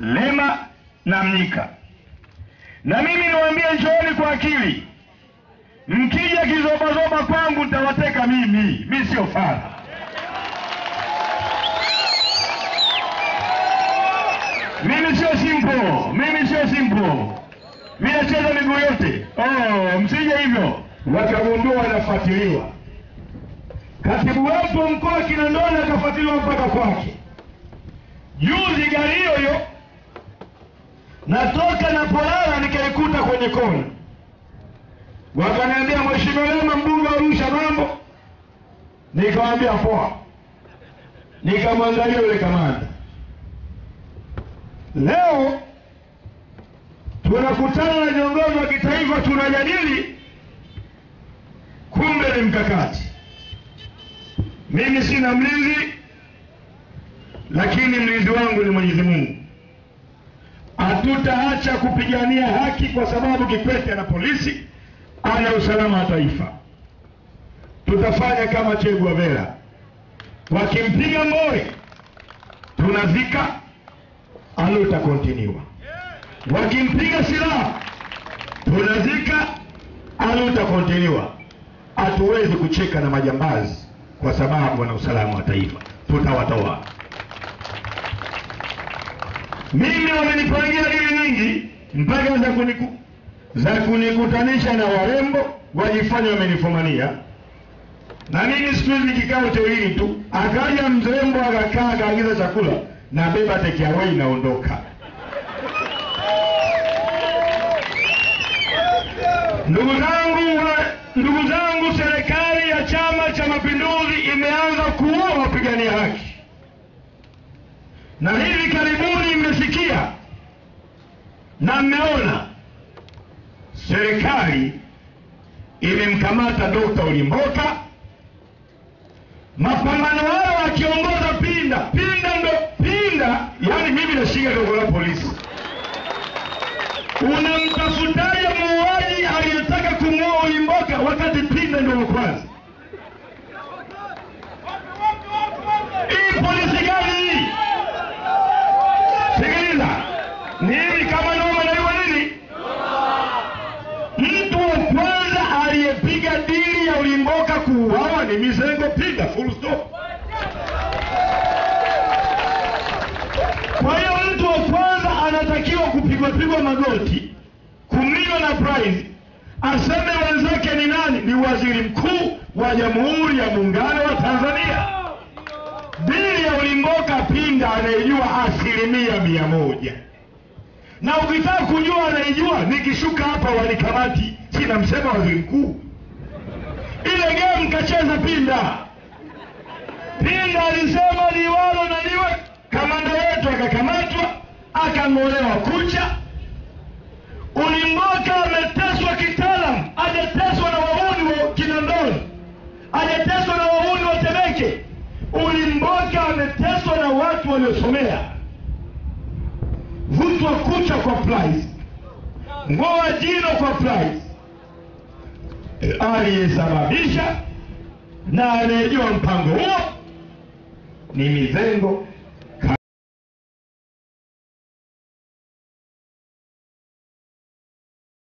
Lema na Mnyika. Na mimi niwaambie, njooni kwa akili. Mkija kizobazoba kwangu nitawateka mimi, mi sio fara. Mimi sio simple, mimi sio simpo, mi nacheza miguu yote. Oh, msije hivyo, wakagundua wanafuatiliwa. Katibu wetu mkoa Kinondoni akafuatiliwa mpaka kwake juzi, gari hiyo natoka napolala nikaikuta kwenye kona, wakaniambia Mheshimiwa Lema, mbunge wa Arusha, mambo. Nikamwambia poa, nikamwangalia yule kamanda. Leo tunakutana na viongozi wa kitaifa, tunajadili, kumbe ni mkakati. Mimi sina mlinzi, lakini mlinzi wangu hatutaacha kupigania haki, kwa sababu Kikwete ana polisi, ana usalama wa taifa. Tutafanya kama Che Guevara, wakimpiga Mbowe tunazika, aluta kontiniwa, wakimpiga silaha tunazika, aluta kontiniwa. Hatuwezi kucheka na majambazi, kwa sababu wana usalama wa taifa, tutawatoa. Mimi wamenipangia dili nyingi mpaka za kuniku, za kunikutanisha na warembo wajifanya wamenifumania. Na mimi siku hizi nikikaa hotelini tu, akaja mrembo akakaa akaagiza chakula, na beba away inaondoka Ndugu zangu, ndugu zangu, serikali ya Chama cha Mapinduzi imeanza kuua wapigania haki na hivi karibuni na mmeona serikali imemkamata Dr. Ulimboka. Mapambano hayo akiongoza Pinda Pinda ndo Pinda, yani mimi nashika dogo la polisi una aliyepiga dili ya Ulimboka kuuawa ni Mizengo Pinda, full stop. Kwa hiyo mtu wa kwanza anatakiwa kupigwa pigwa magoti, kumliwa na prize, aseme wenzake ni nani? Ni waziri mkuu wa Jamhuri ya Muungano wa Tanzania. Dili ya ulimboka Pinda anayejua asilimia mia moja, na ukitaka kujua anaijua, nikishuka hapa walikamati namsema waziri mkuu, ile game kacheza Pinda. Pinda alisema liwalo na liwe, kamanda wetu akakamatwa, akang'olewa kucha. Ulimboka ameteswa kitaalam, ajateswa na wahuni wa Kinondoni, ajateswa na wahuni wa Temeke. Ulimboka ameteswa na watu waliosomea, vutwa kucha kwa price, ng'oa jino kwa price aliyesababisha na anayejua mpango huo ni mizengo